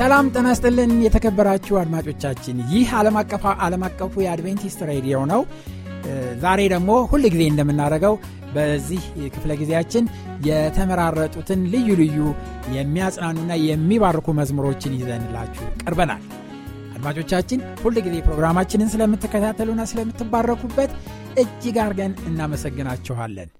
ሰላም ጤና ይስጥልን የተከበራችሁ አድማጮቻችን፣ ይህ ዓለም አቀፉ የአድቬንቲስት ሬዲዮ ነው። ዛሬ ደግሞ ሁል ጊዜ እንደምናደርገው በዚህ ክፍለ ጊዜያችን የተመራረጡትን ልዩ ልዩ የሚያጽናኑና የሚባርኩ መዝሙሮችን ይዘንላችሁ ቀርበናል። አድማጮቻችን ሁል ጊዜ ፕሮግራማችንን ስለምትከታተሉና ስለምትባረኩበት እጅግ አርገን እናመሰግናችኋለን።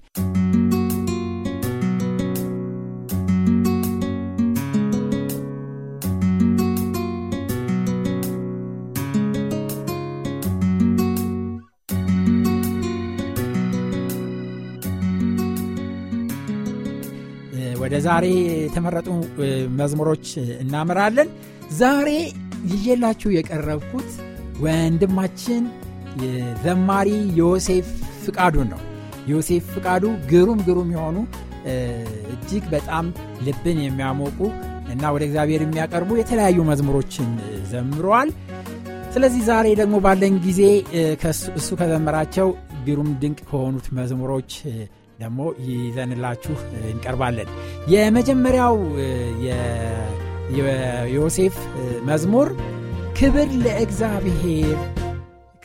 ዛሬ የተመረጡ መዝሙሮች እናምራለን። ዛሬ ይዤላችሁ የቀረብኩት ወንድማችን ዘማሪ ዮሴፍ ፍቃዱን ነው። ዮሴፍ ፍቃዱ ግሩም ግሩም የሆኑ እጅግ በጣም ልብን የሚያሞቁ እና ወደ እግዚአብሔር የሚያቀርቡ የተለያዩ መዝሙሮችን ዘምረዋል። ስለዚህ ዛሬ ደግሞ ባለን ጊዜ እሱ ከዘመራቸው ግሩም ድንቅ ከሆኑት መዝሙሮች ደግሞ ይዘንላችሁ እንቀርባለን። የመጀመሪያው የዮሴፍ መዝሙር ክብር ለእግዚአብሔር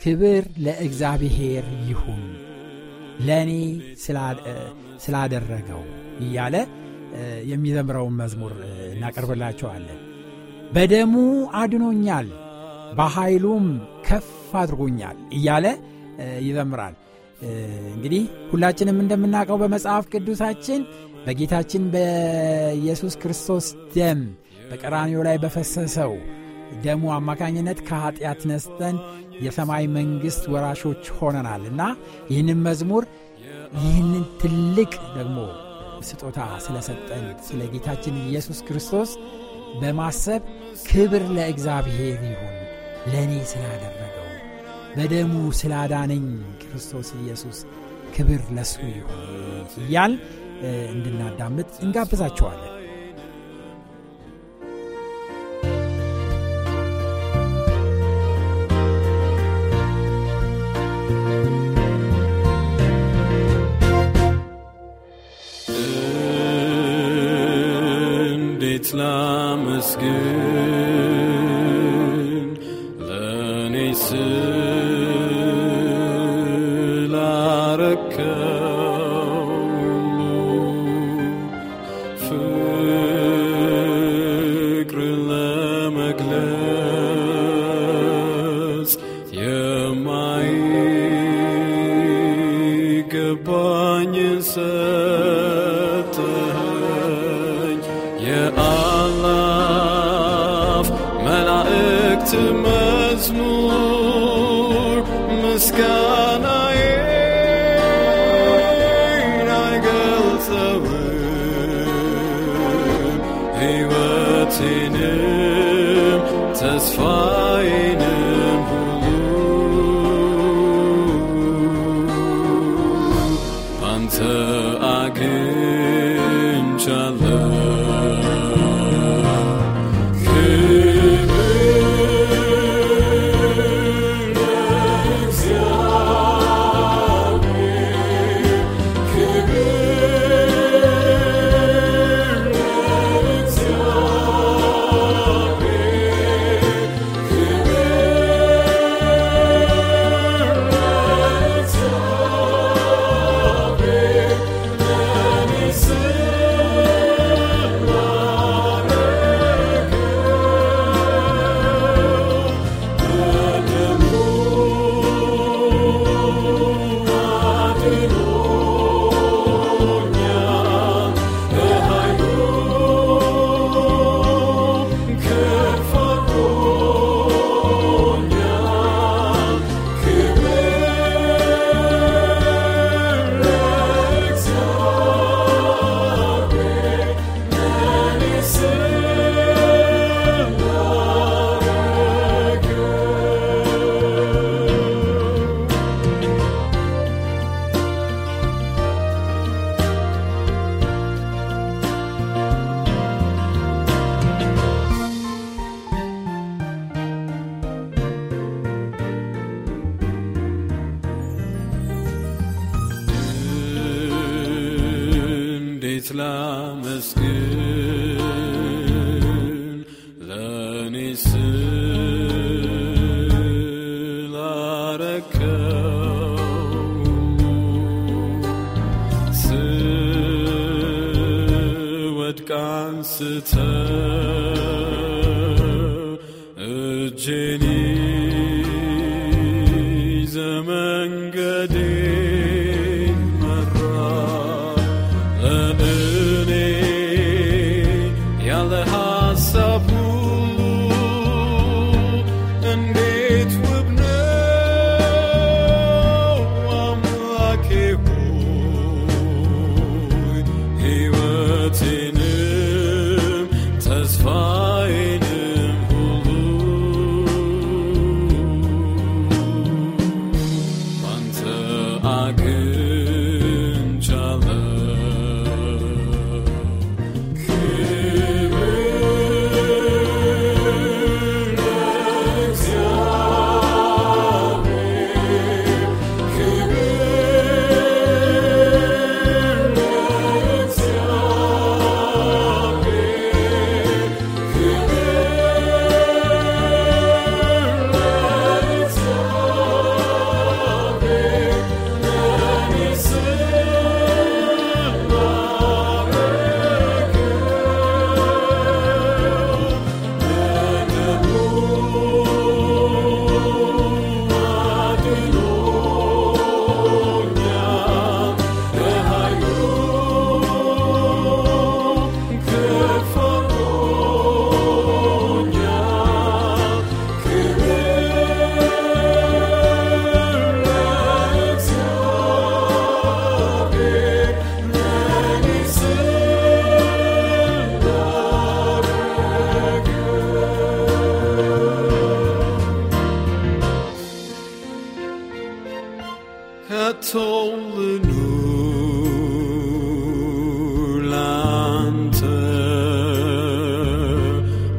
ክብር ለእግዚአብሔር ይሁን ለእኔ ስላደረገው እያለ የሚዘምረውን መዝሙር እናቀርብላቸዋለን። በደሙ አድኖኛል፣ በኃይሉም ከፍ አድርጎኛል እያለ ይዘምራል። እንግዲህ ሁላችንም እንደምናውቀው በመጽሐፍ ቅዱሳችን በጌታችን በኢየሱስ ክርስቶስ ደም በቀራንዮ ላይ በፈሰሰው ደሙ አማካኝነት ከኀጢአት ነስተን የሰማይ መንግሥት ወራሾች ሆነናል እና ይህንን መዝሙር ይህንን ትልቅ ደግሞ ስጦታ ስለሰጠን ስለ ጌታችን ኢየሱስ ክርስቶስ በማሰብ ክብር ለእግዚአብሔር ይሁን ለእኔ ስላደረ በደሙ ስላዳነኝ ክርስቶስ ኢየሱስ ክብር ለሱ ይሁን እያል እንድናዳምጥ እንጋብዛችኋለን።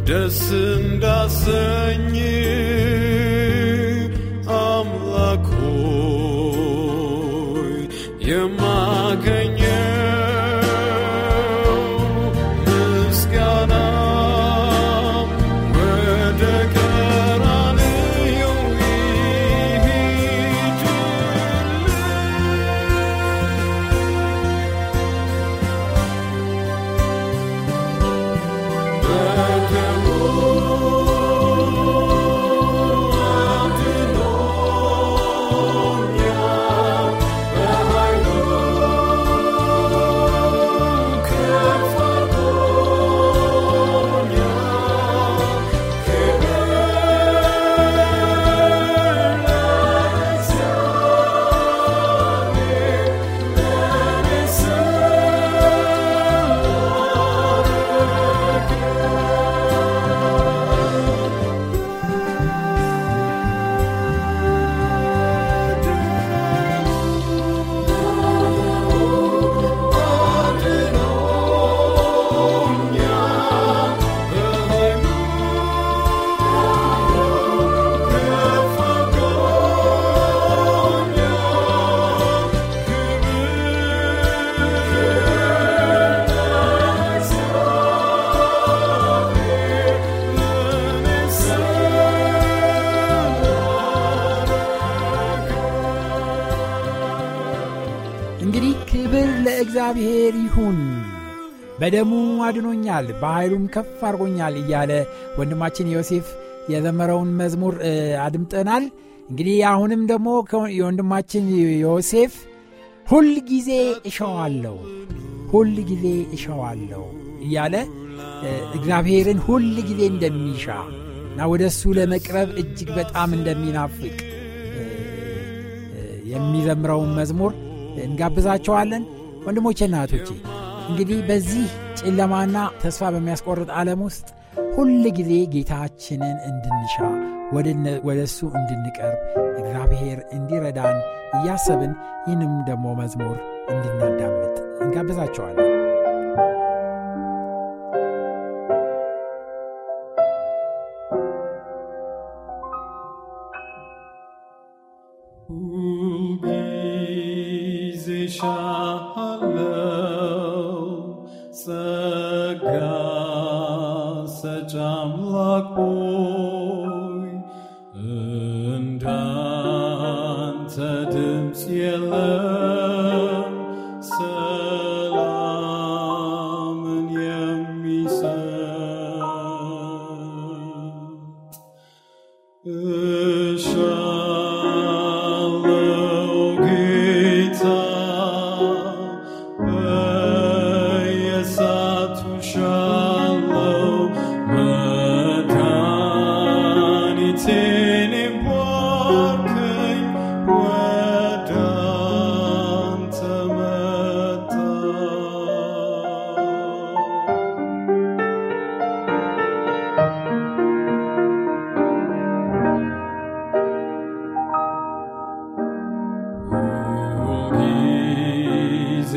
doesn't በደሙ አድኖኛል፣ በኃይሉም ከፍ አድርጎኛል እያለ ወንድማችን ዮሴፍ የዘመረውን መዝሙር አድምጠናል። እንግዲህ አሁንም ደግሞ የወንድማችን ዮሴፍ ሁል ጊዜ እሸዋለሁ፣ ሁል ጊዜ እሸዋለሁ እያለ እግዚአብሔርን ሁል ጊዜ እንደሚሻ እና ወደ እሱ ለመቅረብ እጅግ በጣም እንደሚናፍቅ የሚዘምረውን መዝሙር እንጋብዛቸዋለን። ወንድሞቼና እህቶቼ እንግዲህ በዚህ ጨለማና ተስፋ በሚያስቆርጥ ዓለም ውስጥ ሁል ጊዜ ጌታችንን እንድንሻ ወደ እሱ እንድንቀርብ እግዚአብሔር እንዲረዳን እያሰብን ይህንም ደግሞ መዝሙር እንድናዳምጥ እንጋብዛቸዋለን። Shalom. Lord.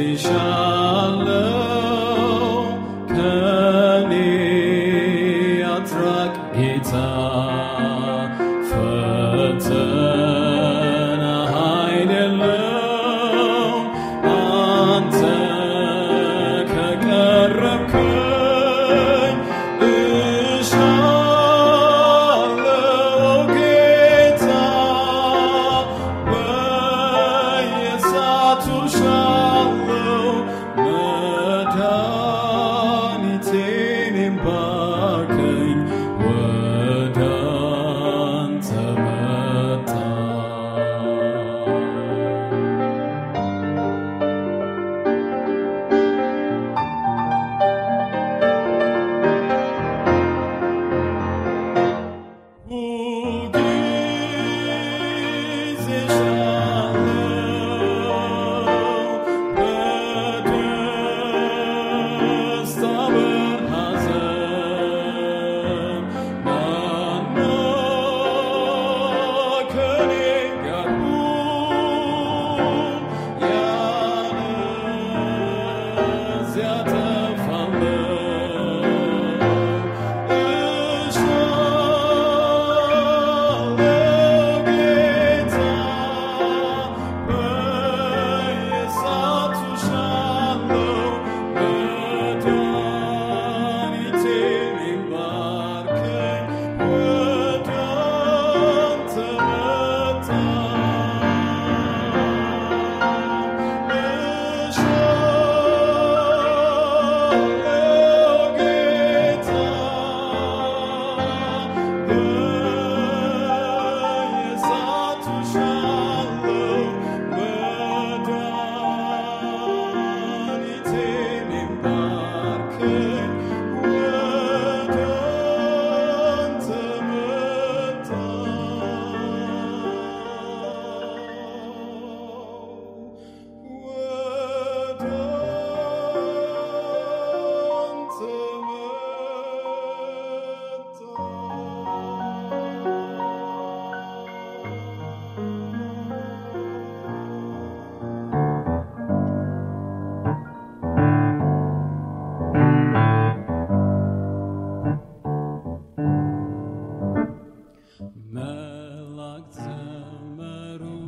zişanlı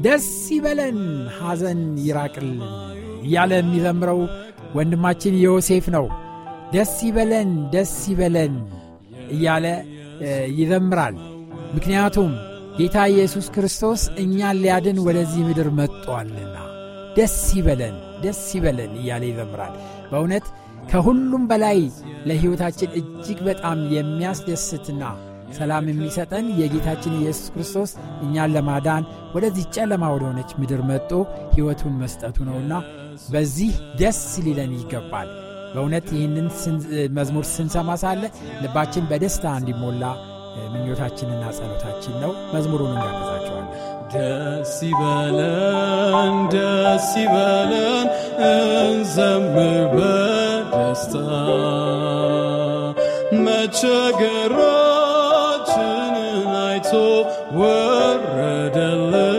ደስ ይበለን ሐዘን ይራቅልን እያለ የሚዘምረው ወንድማችን ዮሴፍ ነው። ደስ ይበለን ደስ ይበለን እያለ ይዘምራል። ምክንያቱም ጌታ ኢየሱስ ክርስቶስ እኛን ሊያድን ወደዚህ ምድር መጥቷልና ደስ ይበለን ደስ ይበለን እያለ ይዘምራል። በእውነት ከሁሉም በላይ ለሕይወታችን እጅግ በጣም የሚያስደስትና ሰላም የሚሰጠን የጌታችን ኢየሱስ ክርስቶስ እኛን ለማዳን ወደዚህ ጨለማ ወደሆነች ምድር መጦ ሕይወቱን መስጠቱ ነውና በዚህ ደስ ሊለን ይገባል። በእውነት ይህንን መዝሙር ስንሰማ ሳለ ልባችን በደስታ እንዲሞላ ምኞታችንና ጸሎታችን ነው። መዝሙሩን እንጋብዛቸዋል ደስ ይበለን፣ ደስ ይበለን፣ እንዘምር በደስታ መቸገራ so were a deliverer.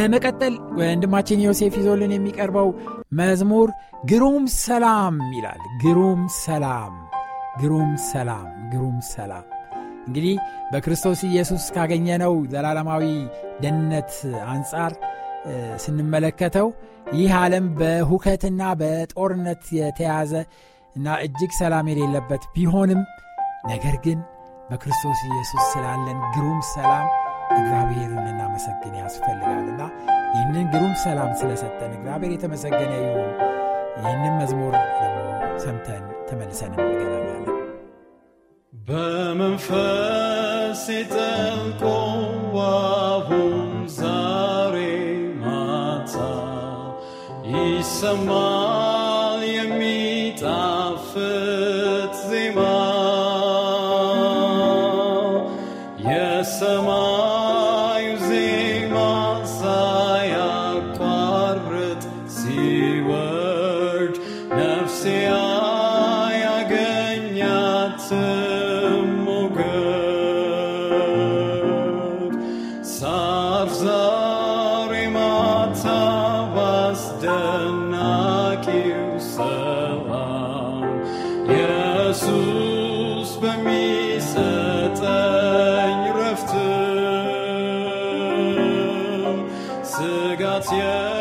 በመቀጠል ወንድማችን ዮሴፍ ይዞልን የሚቀርበው መዝሙር ግሩም ሰላም ይላል። ግሩም ሰላም፣ ግሩም ሰላም፣ ግሩም ሰላም እንግዲህ በክርስቶስ ኢየሱስ ካገኘነው ዘላለማዊ ደህንነት አንጻር ስንመለከተው ይህ ዓለም በሁከትና በጦርነት የተያዘ እና እጅግ ሰላም የሌለበት ቢሆንም ነገር ግን በክርስቶስ ኢየሱስ ስላለን ግሩም ሰላም እግዚአብሔርን ልናመሰግን ያስፈልጋልና ይህንን ግሩም ሰላም ስለሰጠን እግዚአብሔር የተመሰገነ ይሁን። ይህንን መዝሙር ሰምተን ተመልሰን እንገናኛለን። በመንፈስ የጠልቆ አሁን ዛሬ ማታ ይሰማል you.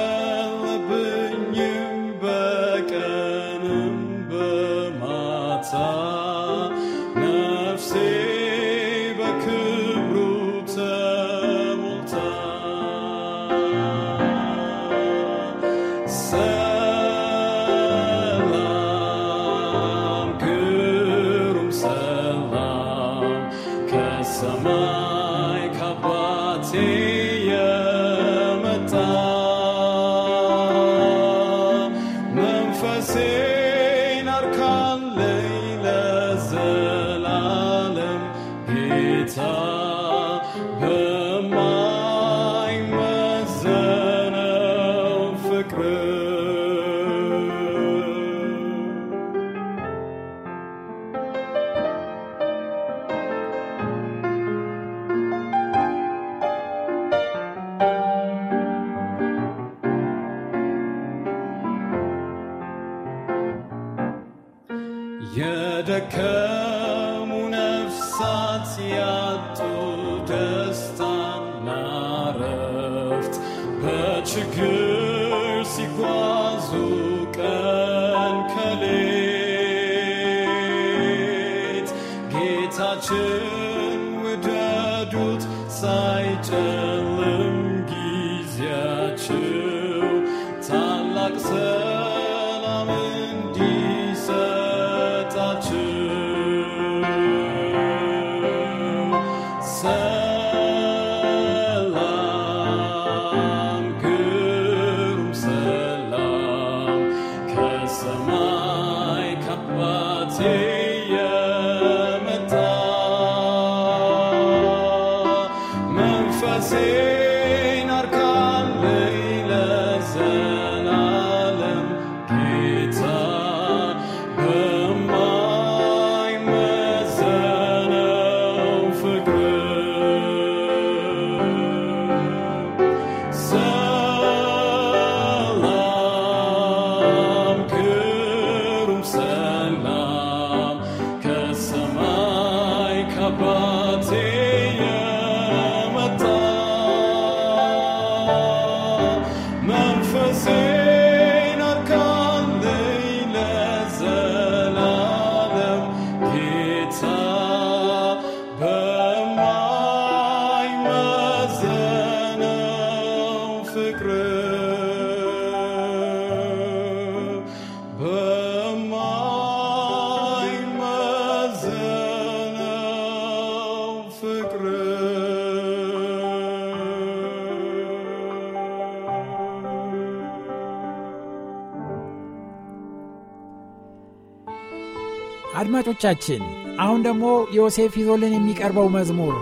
አድማጮቻችን አሁን ደግሞ ዮሴፍ ይዞልን የሚቀርበው መዝሙር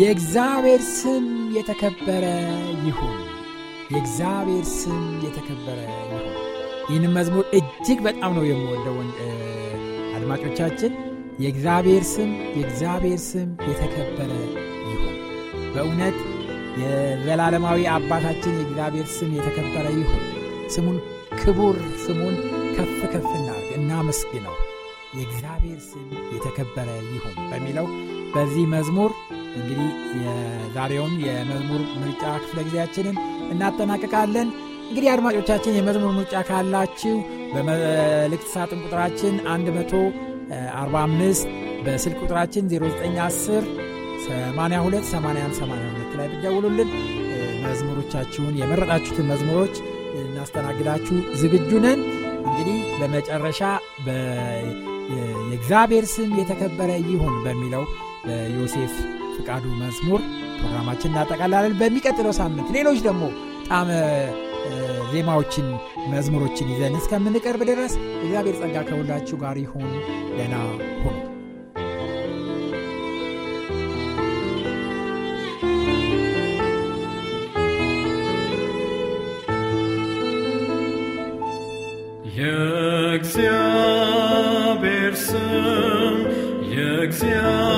የእግዚአብሔር ስም የተከበረ ይሁን የእግዚአብሔር ስም የተከበረ ይሁን ይህንም መዝሙር እጅግ በጣም ነው የምወደው አድማጮቻችን የእግዚአብሔር ስም የእግዚአብሔር ስም የተከበረ ይሁን በእውነት የዘላለማዊ አባታችን የእግዚአብሔር ስም የተከበረ ይሁን ስሙን ክቡር ስሙን ከፍ ከፍ እናርግ እናመስግነው የእግዚአብሔር ስም የተከበረ ይሁን በሚለው በዚህ መዝሙር እንግዲህ የዛሬውን የመዝሙር ምርጫ ክፍለ ጊዜያችንን እናጠናቅቃለን። እንግዲህ አድማጮቻችን የመዝሙር ምርጫ ካላችሁ በመልእክት ሳጥን ቁጥራችን 145 በስልክ ቁጥራችን 0910 82 81 82 ላይ ብደውሉልን መዝሙሮቻችሁን የመረጣችሁትን መዝሙሮች እናስተናግዳችሁ ዝግጁ ነን። እንግዲህ በመጨረሻ የእግዚአብሔር ስም የተከበረ ይሁን በሚለው ዮሴፍ ፍቃዱ መዝሙር ፕሮግራማችን እናጠቃላለን። በሚቀጥለው ሳምንት ሌሎች ደግሞ ጣም ዜማዎችን፣ መዝሙሮችን ይዘን እስከምንቀርብ ድረስ እግዚአብሔር ጸጋ ከሁላችሁ ጋር ይሁን። ደና ሁን Yeah. jsem, jak zjavil.